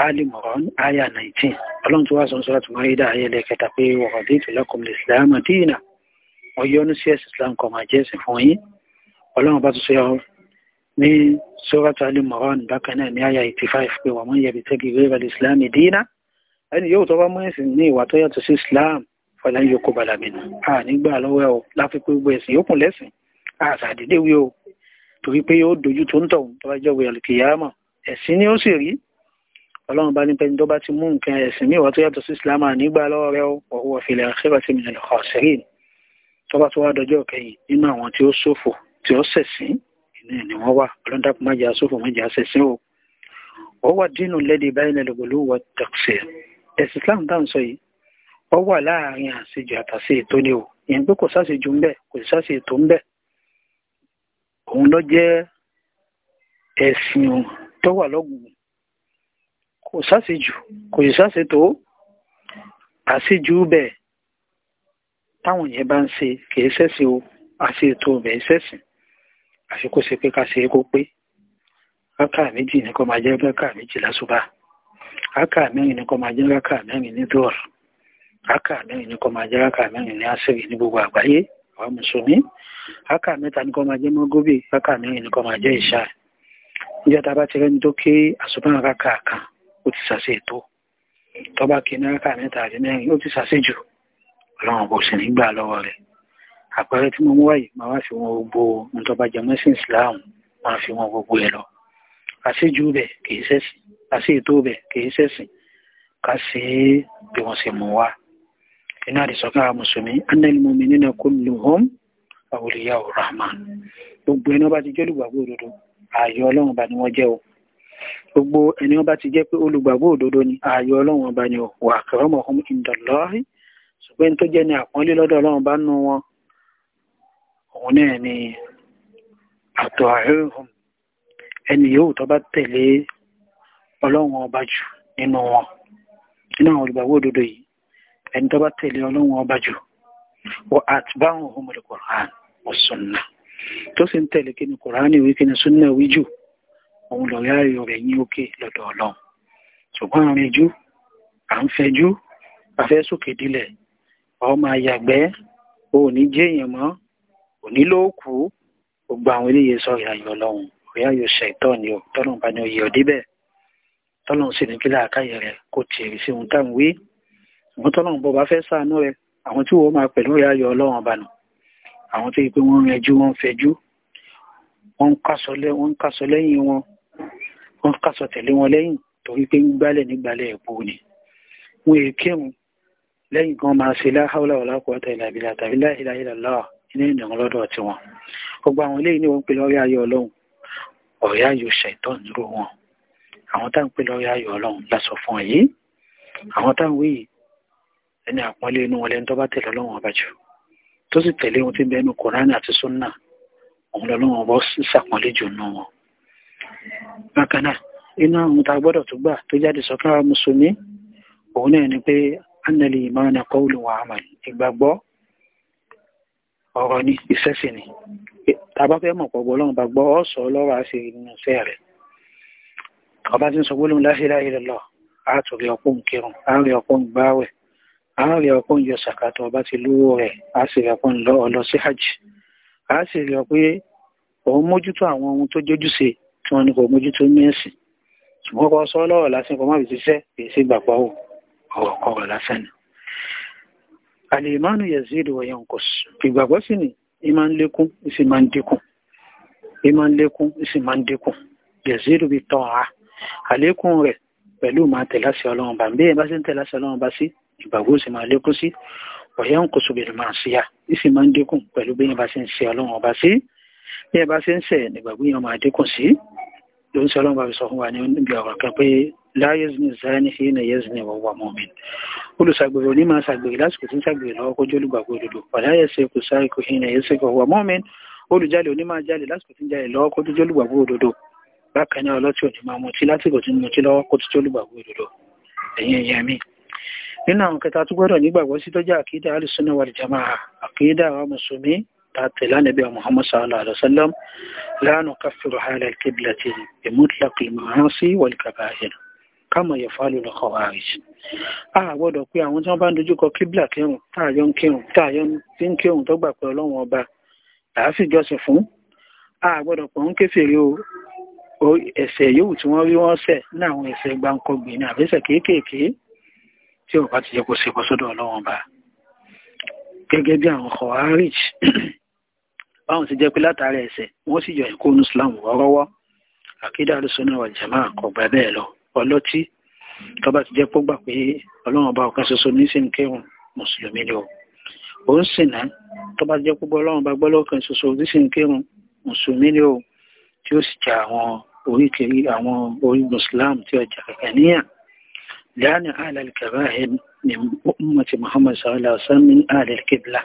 alìmọ̀rán àyà 19 ọlọ́run tó wá sọ sọ́ràtù mọ́rídà ayé lẹ́kẹta pé wọ̀rọ̀ dé ìtòlẹ́kùn islam dínà wọ́n yọ́nú sí ẹ̀sìn islam kọ̀ máa jẹ́ ẹ̀sìn fún yín ọlọ́run bá tún sọ ní sọ́ràtù alìmọ̀rán bákan náà ní àyà 85 pé wọ́n mọ̀ yẹbi tẹ́gì rẹ́rẹ́ islam dínà ẹni yóò tọ́ bá mọ́ ẹ̀sìn ní ìwà tó yàtọ̀ sí islam ọ̀nà yòókù balamina a nígbà lọ́wọ́ ẹ̀ o láfi pé gbogbo ẹ̀sìn yókùn lẹ́sìn a sàdédé wí o torí pé yóò dojú tó ń tọ̀hún tó bá jẹ́ wíyà lùkìyàmọ̀ ẹ̀sìn ni ó sì rí ọlọ́run bá ní pẹ́ni tó bá ti mú nǹkan ẹ̀sìn míì wá tó yàtọ̀ sí islam nígbà lọ́wọ́ rẹ̀ o wọ́n fi lè àṣírà ẹ̀sìn islam dáhùn sọ yìí ó wà láàrin àṣejù àtàṣe ètò ni o ìyẹn pé kò sáṣejù ń bẹ kò sì sáṣe ètò ń bẹ òun ló jẹ́ ẹ̀sìn tó wà lọ́gùn kò sáṣejù kò sì sáṣe tó àṣejù bẹ̀ táwọn yẹn bá ń ṣe kìí ṣẹ̀sìn o àṣe ètò bẹ̀ ṣẹ̀sìn àfi ṣe pé ká ṣe é kó pé rákà méjì ni kó máa jẹ́ rákà méjì lásùbà rákà mẹ́rin ni kó máa jẹ́ rákà mẹ́rin ní dọ́ọ̀rù rákà mẹ́rin ní kó máa jẹ́ rákà mẹ́rin ní àṣírí ní gbogbo àgbáyé àwọn mùsùlùmí rákà mẹ́ta ní kó máa jẹ́ mọ́góbì rákà mẹ́rin ní kó máa jẹ́ ìṣá níjẹ́ tá a bá ti rẹ́ni tó ké àsùbáà rákà kan ó ti ṣàṣe ètò tó bá ké ní rákà mẹ́ta àti mẹ́rin ó ti ṣàṣe jù ọlọ́run kò sì ní gbà lọ́wọ́ rẹ̀ àpẹẹrẹ tí mo mú wáyé máa wá fi wọn gbogbo ntọ́bajẹ mẹ́sìn Islam máa fi wọn gbogbo ẹ̀ lọ àṣejù bẹ̀ kì í ṣẹ̀sìn àṣe ètò bẹ̀ kì í ṣẹ̀sìn ká sí bí wọ́n ṣe mú wá inú àdìsọ́kà mùsùlùmí annal mu'minina kulluhum awliya rahman gbogbo ẹni ọba ti jẹ́ olùgbàgbọ́ òdodo ààyò ọlọ́run ọba ni wọ́n jẹ́ o gbogbo ẹni ọba ti jẹ́ pé olùgbàgbọ́ òdodo ni ààyò ọlọ́run ọba ni o wa akramuhum indallahi ṣùgbọ́n tó jẹ́ ni àpọ́nlé lọ́dọ̀ ọlọ́run bá nù wọn òun náà ni àtọ̀ àhẹ́hùn ẹni yóò tó bá tẹ̀lé ọlọ́run ọba jù nínú wọn nínú àwọn olùgbàgbọ́ òdodo yìí ẹni tó bá tẹ̀lé ọlọ́run ọba jù wọ àtibáhùn ọmọdé kọ̀ọ̀án ọ̀sùnà tó sì ń tẹ̀lé kí ni kọ̀ọ̀án ìwé kí ni súnà wí jù òun lọ yá ayọ̀ rẹ̀ yín òkè lọ́dọ̀ ọlọ́run ṣùgbọ́n àrin jú à ń fẹjú afẹ́ sókè dílẹ̀ ọmọ àyàgbẹ́ o ò ní jẹ́ èèyàn mọ́ ò ní ló kú gbogbo àwọn eléyìí sọ ìyá ọlọ́run ìyá ayọ̀ ṣẹ̀tọ́ ni o tọ́lọ́n bá ní oyè ọ̀dẹ́bẹ̀ tọ́lọ́n sì ní kí láàkáyẹ̀ rẹ̀ kó tiẹ̀ sí ohun táwọn wí ṣùgbọ́n tọ́lọ́run bọ̀ bá fẹ́ sàánú rẹ àwọn tí wọ́n máa pẹ̀lú rẹ ayọ̀ ọlọ́run ọba nù àwọn tó yẹ pé wọ́n rẹjú wọ́n fẹjú wọ́n ń kásọ lẹ́yìn wọn wọ́n ń kásọ tẹ̀lé wọn lẹ́yìn torí pé ń gbálẹ̀ nígbàlẹ̀ ẹ̀pọ̀ ni wọ́n èé kírun lẹ́yìn kan máa ṣe láháúlà wàlá quwwata illa billah tàbí la ilaha illallah ilé ìdàn lọ́dọ̀ tí wọn gbogbo àwọn ilé ìní wọn pè lọ́rí ayọ̀ ọlọ́run ọ̀rẹ́ ayọ̀ ṣẹ̀tọ́n dúró wọn àwọn táwọn pè lọ́rí ayọ̀ ọlọ́run lásọ fún ẹ yìí àwọn táwọn wéyìí ẹni àpọ́nlé inú wọn lẹ́ni tó bá tẹ̀lé ọlọ́run ọba jù tó sì tẹ̀lé ohun tí ń bẹ nínú kòránì àti súnà òun lọ́lọ́run ọba ṣàpọ́nlé jù nù wọn. bákan náà iná ohun tá a gbọ́dọ̀ tó gbà tó jáde sọ́kàn ara mùsùlùmí òun náà ni pé annali imana qawlu wa amal ìgbàgbọ́ ọ̀rọ̀ ni ìṣẹ́sìn ni tàbá fẹ́ mọ̀ pọ̀gbọ́ ọlọ́run bá gbọ́ ọ sọ lọ́rọ̀ àṣẹ nínú iṣẹ́ rẹ̀ la ilaha illallah àtòrí ọ̀pọ̀ nkírun àárẹ̀ ọ̀pọ̀ ngbáwẹ̀ a rí ọpọ́ ń yọ sàkàtọ̀ ọba ti lówó rẹ̀ a sì rí ọpọ́ ń lọ ọ lọ sí hajj a sì rí ọ pé òun mójútó àwọn ohun tó jójúṣe tí wọ́n ní kò mójútó mẹ́sìn ṣùgbọ́n kọ́ sọ lọ́rọ̀ lásán kò má fi ṣiṣẹ́ kìí sí gbàgbọ́ ò ọ̀rọ̀ kọ̀rọ̀ lásán ni. àlèmánu yazidu wa yanqus ìgbàgbọ́ sì ni í máa ń lékún í sì máa ń dínkù í máa ń lékún í sì máa ń dínkù yazidu bi ta'a àlékún rẹ̀ pẹ̀lú máa tẹ̀lásí ọlọ́run bá ń bí ẹ̀ bá ṣe ń tẹ̀lásí ọlọ́run bá sí ìgbàgbọ́ sì máa lékún sí ọ̀yẹ́ ń kó sobìrì máa ṣe yá ìsì máa ń dínkù pẹ̀lú bí yẹn bá ṣe ń ṣe ọlọ́run ọba sí bí yẹn bá ṣe ń ṣe nígbàgbọ́ yẹn máa dínkù sí ló ń ṣe ọlọ́run bá sọ fún wa níbi ọ̀rọ̀ kan pé láyé zini zani fi na yé zini wọ́n wà mọ́min olùṣàgbèrè òní máa ṣàgbèrè lásìkò tí ń ṣàgbèrè lọ́wọ́ kójú olùgbàgbọ́ òdodo ọ̀láyé ṣe kò sáré kò hin na yé ṣe kò wà mọ́min olùjalè òní máa jalè lásìkò tí ń jalè lọ́wọ́ kójú olùgbàgbọ́ òdodo bákan náà ọlọ́tí òní máa mutí lásìkò tí ń mutí lọ́wọ́ kójú olùgbàgbọ́ òdodo ẹ̀yin ẹ̀yà mi nínú àwọn kẹta tó gbọ́dọ̀ nígbàgbọ́ sí tọ́jú àkídà alìsúnà wal jamaa àkídà àwọn mùsùlùmí tààtì lánàbí muhammad sallallahu alaihi wasallam la nukaffiru hala al-qiblati bi mutlaq al-ma'asi wal kaba'ir kama yaf'alu al-khawarij a gbọ́dọ̀ pé àwọn tí wọ́n bá ń dojúkọ kíblà kírun táàyọ ń kírun táàyọ ń kírun tó gbà pé ọlọ́run ọba làásì jọ́sìn fún a gbọ́dọ̀ pọ̀ ń kéfèrè o yòówù tí wọ́n rí wọ́n ṣẹ̀ ní àwọn ẹ̀ṣẹ̀ gbáǹkọ́gbìn ní àbẹ́sẹ̀ kéékèèké tí ò bá ti yẹ kó ṣe bọ́sọ́dọ̀ ọlọ́wọ́n bá gẹ́gẹ́ bí àwọn kọ̀wárìj báwọn ti jẹ́ pé látàrí ẹ̀sẹ̀ wọ́n sì yọ ẹ̀kọ́ Islam wọ́rọ́wọ́ àkídà àdúsọ́nà wal jamaa kò gbà bẹ́ẹ̀ lọ ọlọ́tí tó bá ti jẹ́ pé gbà pé ọlọ́wọ́n bá ọ̀kan ṣoṣo ní sí kírun mùsùlùmí ni o ó ń sìnà tó bá ti jẹ́ pé ọlọ́wọ́n bá gbọ́ lọ́kàn ṣoṣo ní sí kírun mùsùlùmí ni o tí ó sì jẹ àwọn oríkèrí àwọn orígun Islam tí ọjà kẹkẹ níyàn لأن أهل الكبائر من أمة محمد صلى الله عليه وسلم من أهل القبلة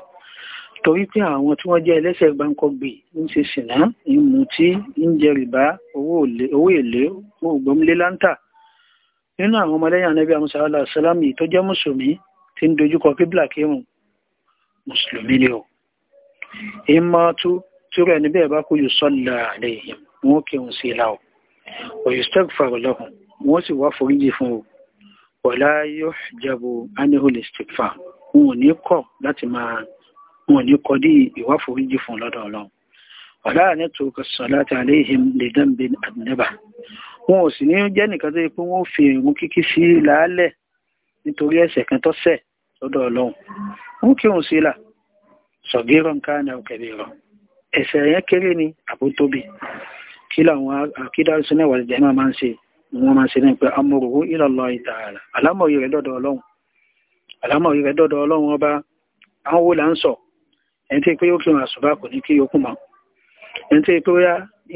torí pé àwọn tí wọ́n jẹ́ ẹlẹ́sẹ̀ gbáǹkọ́gbè ń ṣe ṣìnà ń mutí ń jẹ rìbá owó èlé ògbómlé láńtà nínú àwọn ọmọlẹ́yìn anábí àmúṣà aláṣálámì tó jẹ́ mùsùlùmí tí ń dojúkọ kíblà kírun mùsùlùmí ni ó ìmọ̀ tó tí rẹ̀ níbẹ̀ bá kú yóò sọ́lá àlẹ́ yìí wọ́n kírun sí i láò òyìnbó stẹ́kù fàrọ̀ lọ́hùn sì wá foríjì fún o wọ̀lá yóò jẹ́bù anihul istikfa wọn ò ní kọ̀ láti máa wọn ò ní kọ́ dí ìwà foríjì fún lọ́dọ̀ ọlọ́run wọ̀lá ní tòkà sọ̀láta aléhìm lè dánbé àdínẹ́bà wọn ò sì ní jẹ́ nìkan tó yẹ pé wọ́n fi ìrun kíkí sí làálẹ̀ nítorí ẹ̀ṣẹ̀ kan tó ṣẹ̀ lọ́dọ̀ ọlọ́run wọn kírun sí là sọ̀gírọ̀ nǹkan náà kẹ̀lé rọ̀ ẹ̀ṣẹ̀ yẹn kéré ni àbótóbi kí làwọn akídárúsọ náà wà wọ́n máa ṣe ní pé amúrùwú ìlọ́lọ́ ìtààrà àlámọ̀rí rẹ̀ dọ́dọ̀ ọlọ́run rẹ̀ dọ́dọ̀ ọlọ́run ọba àwọn wo là ń sọ ẹni tí pé ó kírun àṣùbá kò ní kí yókù mọ́ ẹni tí pé ó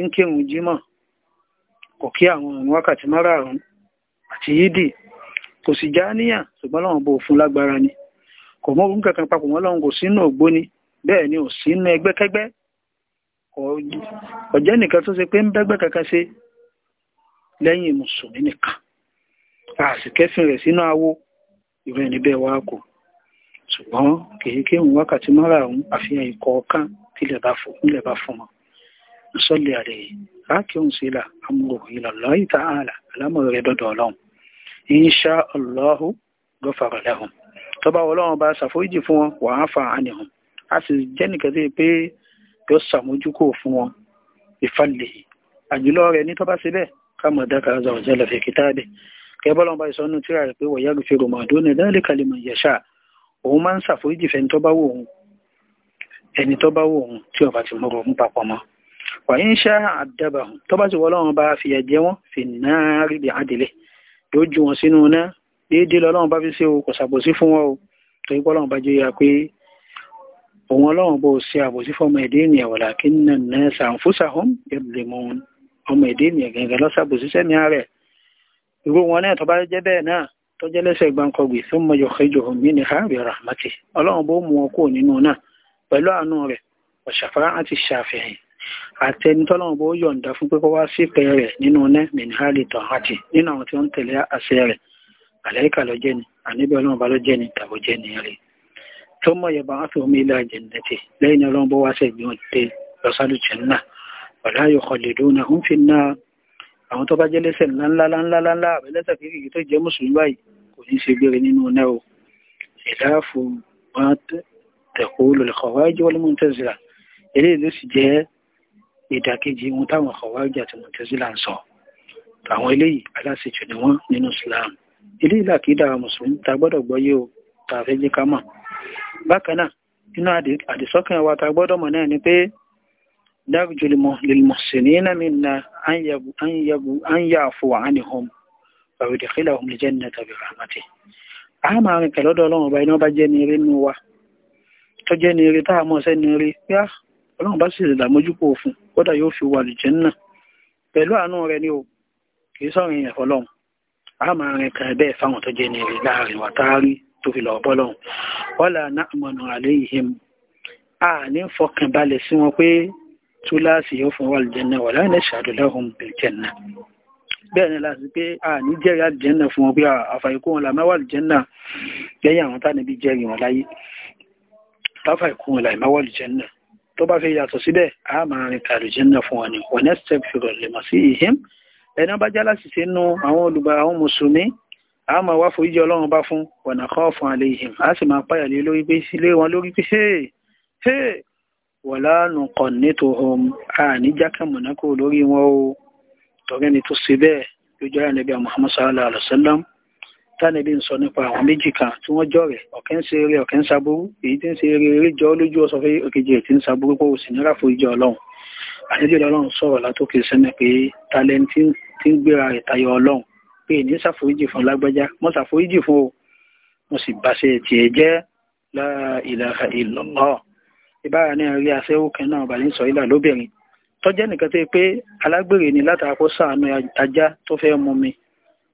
ń kírun jímọ̀ kò kí àwọn wákàtí márààrún àti yídì ni kò kankan papọ̀ lọ́wọ́n kò bẹ́ẹ̀ ni ò ẹgbẹ́kẹ́gbẹ́ ọ̀jẹ́ nìkan tó ṣe pé ń ṣe lẹ́yìn mùsùlùmí nìkan àṣìkẹ́fìn rẹ̀ sínú awo ìrìn níbẹ̀ wá kò ṣùgbọ́n kèéké òun wákàtí márààrún àfihàn ikọ̀ ọ̀kan tílẹ̀ bá fún nílẹ̀ bá fún wọn sọ́lẹ̀ àlẹ́ ráàkì òun sílà amúrò ìlọ̀lọ́ ìta ààlà alámọ̀ rẹ̀ dọ́dọ̀ ọlọ́run insha allahu gọ́fàrọ̀ lẹ́hùn tọ́ba ọlọ́run bá ṣàforíjì fún wọn wàá fa àníhùn a sì jẹ́ nìkan sí pé yóò ṣàmójúkò fún wọn ìfàlẹ̀ àjùlọ rẹ̀ ní tọ́ba síbẹ̀ كما ذكر عز وجل في كتابه kẹbọ́lá ọba ìsọ́nù tíra rẹ̀ pé wọ̀yá rúfin rọmọdún ní dáríkàlì mọ̀ yẹ̀ṣà òun máa ń ṣàforíjì fẹ́ni tó bá wò òun ẹni tó bá wò òun tí ọba ti mọ̀rọ̀ ń papọ̀ mọ́ wàyí ń ṣá àdábà tó bá ti wọ́ lọ́wọ́n bá fìyà jẹ fi náà rí bí adìlẹ̀ yóò ju wọn sínú iná déédéé lọ́wọ́n fi ṣe o kò ṣàbòsí fún wọn o torí pé ọlọ́wọ́n bá jẹ́ ya pé òun ọlọ́wọ́n bó ṣe àbòsí fọmọ ẹ̀dẹ́ wọ̀lá kí nà náà ṣàǹfùsà hàn yẹ́bùlẹ̀ ọmọ èdè ènìyàn gẹ̀gẹ̀ lọ́sàbòsí sẹ́mi rẹ̀ irú wọn náà tó jẹ́ bẹ́ẹ̀ náà tó jẹ́ lẹ́sẹ̀ gbàǹkọ̀gbì tó mọ yọ̀kẹ́jọ mi ní harry rahmati ọlọ́run bó mú wọn kúrò nínú náà pẹ̀lú àánú rẹ̀ ọ̀ṣàfà àti ṣàfihàn àtẹni tọ́lọ́run bó yọ̀ǹda fún pé kó wá sí pẹ́ rẹ̀ nínú náà mìnhálì tọ̀hátì nínú àwọn tí wọ́n tẹ̀lé àṣẹ rẹ̀ àlẹ́kà wàlá yukhalidunahum fin nar àwọn tó bá jẹ́ lẹ́sẹ̀ ńláńláńláńlá àbẹ́lẹ́sẹ̀ kékeré tó jẹ́ mùsùlùmí báyìí kò ní ṣe gbére nínú náà o ìdáàfò wọn tẹ̀kọ́ lọ́lẹ̀kọ̀wájú wal mu'tazila eléyìí ló sì jẹ́ ìdàkejì ohun táwọn kọ̀wájú àti mu'tazila ń sọ àwọn eléyìí aláṣejù ni wọ́n nínú Islam eléyìí làkídà mùsùlùmí ta gbọ́dọ̀ gbọ́yé o ta fẹ́ jẹ́ ká mọ̀ bákan náà nínú àdìsọ́kàn wa ta gbọ́dọ̀ mọ̀ náà ni pé نرجو للمحسنين منا أن يعفو عنهم ويدخلهم الجنة برحمته a máa rìn kẹ̀lọ́dọ̀ ọlọ́run ọba iná bá jẹ́ ní eré nínú wa tó jẹ́ ní eré táà mọ́ sẹ́ni eré pé á ọlọ́run bá sì lè dàmójúkò òfin kódà yóò fi wà lùjẹ́ náà pẹ̀lú àánú rẹ ni o kì í sọ̀rọ̀ ìyẹn fọlọ́run a máa rìn kẹ̀ bẹ́ẹ̀ fáwọn tó jẹ́ ní eré láàrin wa táárí tó fi lọ́ọ́ bọ́lọ́run wọ́n là náà mọ̀nà àlẹ́ ìhìn a ní fọkànbalẹ̀ sí wọn pé túláàsì yóò fún wa àlùjẹ́nà wà láì nẹ́sàdù láhùn bìlìjẹ́nà bẹ́ẹ̀ ni láti pé a ní jẹ́rìí àlùjẹ́nà fún wọn bí àfàìkú wọn làmáwà àlùjẹ́nà lẹ́yìn àwọn táni bí jẹ́rìí wọn láyé táfàìkú wọn làmáwà àlùjẹ́nà tó bá fẹ́ yàtọ̀ síbẹ̀ a máa rìn àlùjẹ́nà fún wọn ni wọn ní step fìrọ̀ lè mọ̀ sí ìhìm ẹni bá jálá sì ṣe nú àwọn olùgbà àwọn mùsùlùmí a máa wá foríjì ọlọ́run bá fún wọ̀nà kọ́ fún àlè ìhìm a sì máa páyà lé lórí pé sílé wọn lórí pé wọ̀lá nùkọ̀ nítò hom àní jákẹ́ mọ̀nákò lórí wọn o tọ́gẹ́ ni tó ṣe bẹ́ẹ̀ lójú ara nàbí Muhammad sallallahu alaihi wasallam tánàbí ń sọ nípa àwọn méjì kan tí wọ́n jọ rẹ̀ ọ̀kẹ́ ń ṣe eré ọ̀kẹ́ ń saburú èyí tí ń ṣe eré eré jọ lójú ọ̀sọ̀ fẹ́ òkèjì èyí tí ń saburú pé òsì nira fún ìjọ ọlọ́run àníjẹ́ ọlọ́run sọ̀rọ̀ látòkè sẹ́nà pé tálẹ́ǹtì tí ń gbéra rẹ̀ tayọ ọlọ́run pé ní ṣàforíjì fún lágbájá mo ṣàforíjì fún o mo sì bá ṣe tiẹ̀ jẹ́ la ilaha ìbára náà rí aṣẹ́wó kan náà bàlẹ́ sọ ìlà lóbìnrin tọ́jẹ́ nìkan tó yẹ pé alágbèrè ni látàkó sàánú ajá tó fẹ́ mú mi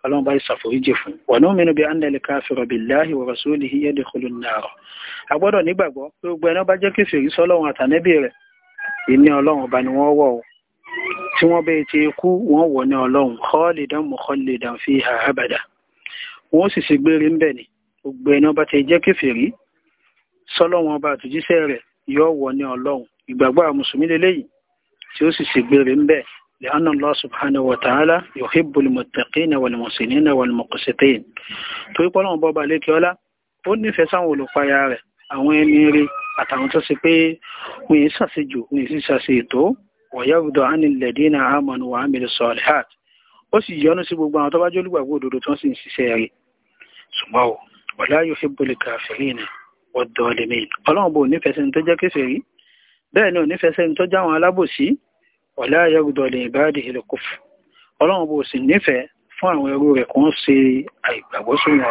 ọlọ́run bá ìṣàforíjì fún wa nu'minu bi anna al-kafira billahi wa rasulihi yadkhulun nar a gbọ́dọ̀ nígbàgbọ́ pé gbogbo ẹni bá jẹ́ kèfèrí sọ́lọ́run àtànẹ́bì rẹ̀ ìní ọlọ́run ọba ni wọ́n wọ̀ ọ́ tí wọ́n bẹ́ẹ̀ ti kú wọ́n wọ̀ ní ọlọ́run khalidan mukhalladan fiha abada wọ́n sì ṣègbére ń bẹ̀ ni gbogbo ẹni bá ti jẹ́ kèfèrí sọ́lọ́run ọba àtújíṣẹ́ rẹ̀ yóò wọ ní ọlọ́run ìgbàgbọ́ àwọn mùsùlùmí lélẹ́yìí tí ó sì ṣègbèrè ń bẹ̀ لأن الله سبحانه وتعالى يحب المتقين والمحسنين والمقسطين tó ipọ́ lọ́wọ́ bọ́ba lékè ọlá ó nífẹ̀ẹ́ sáwọn olùpayà rẹ̀ àwọn ẹni rí àtàwọn tó ṣe pé wọn yìí ṣàṣejù wọn yìí ṣàṣe ètò ويرضى عن الذين آمنوا وعملوا الصالحات ó sì yọ́nú sí gbogbo àwọn tó bá jólúgbàgbọ́ òdodo tó ń sì ń ṣiṣẹ́ rí ṣùgbọ́n wala yuhibbu al-kafirina ọ̀dọ́ọ̀lẹ́mìn ọlọ́run bò nífẹ̀ẹ́ sẹ́ni tó jẹ́ kèfèrí bẹ́ẹ̀ ni ò nífẹ̀ẹ́ sẹ́ni tó jáwọn alábòsí ọ̀lá ayárúdọ̀lẹ̀ ìbáàdì ìlẹ̀kùfù ọlọ́run bò sì nífẹ̀ẹ́ fún àwọn ẹrú rẹ̀ kò ń ṣe àìgbàgbọ́ sóyún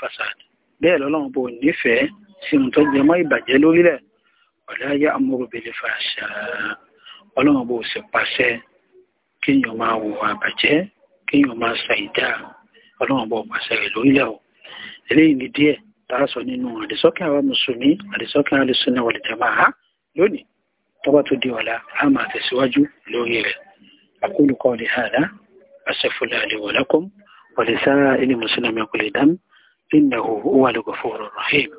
fasad bẹ́ẹ̀ lọ́lọ́run bò nífẹ̀ẹ́ sí ohun tó jẹ mọ́ ìbàjẹ́ lórílẹ̀ ọ̀lá ayé amúrúbẹ̀lẹ̀ fàṣà ọlọ́run bò sì pàṣẹ kéèyàn máa wò àbàjẹ́ kéèyàn máa ṣàìdá ọlọ́run bò pàṣẹ rẹ̀ lórílẹ̀ o eléyìí ni díẹ̀ tá a sọ nínú àdìsọ́kẹ́ àwọn mùsùlùmí àdìsọ́kẹ́ alùsùnà wal jama'a lónìí tọ́ba tó di ọ̀la a máa tẹ̀síwájú lórí rẹ̀ aqulu qawli hadha astaghfirullaha li wa lakum wa li sa'iril muslimina min kulli dhanbin innahu huwal ghafurur rahim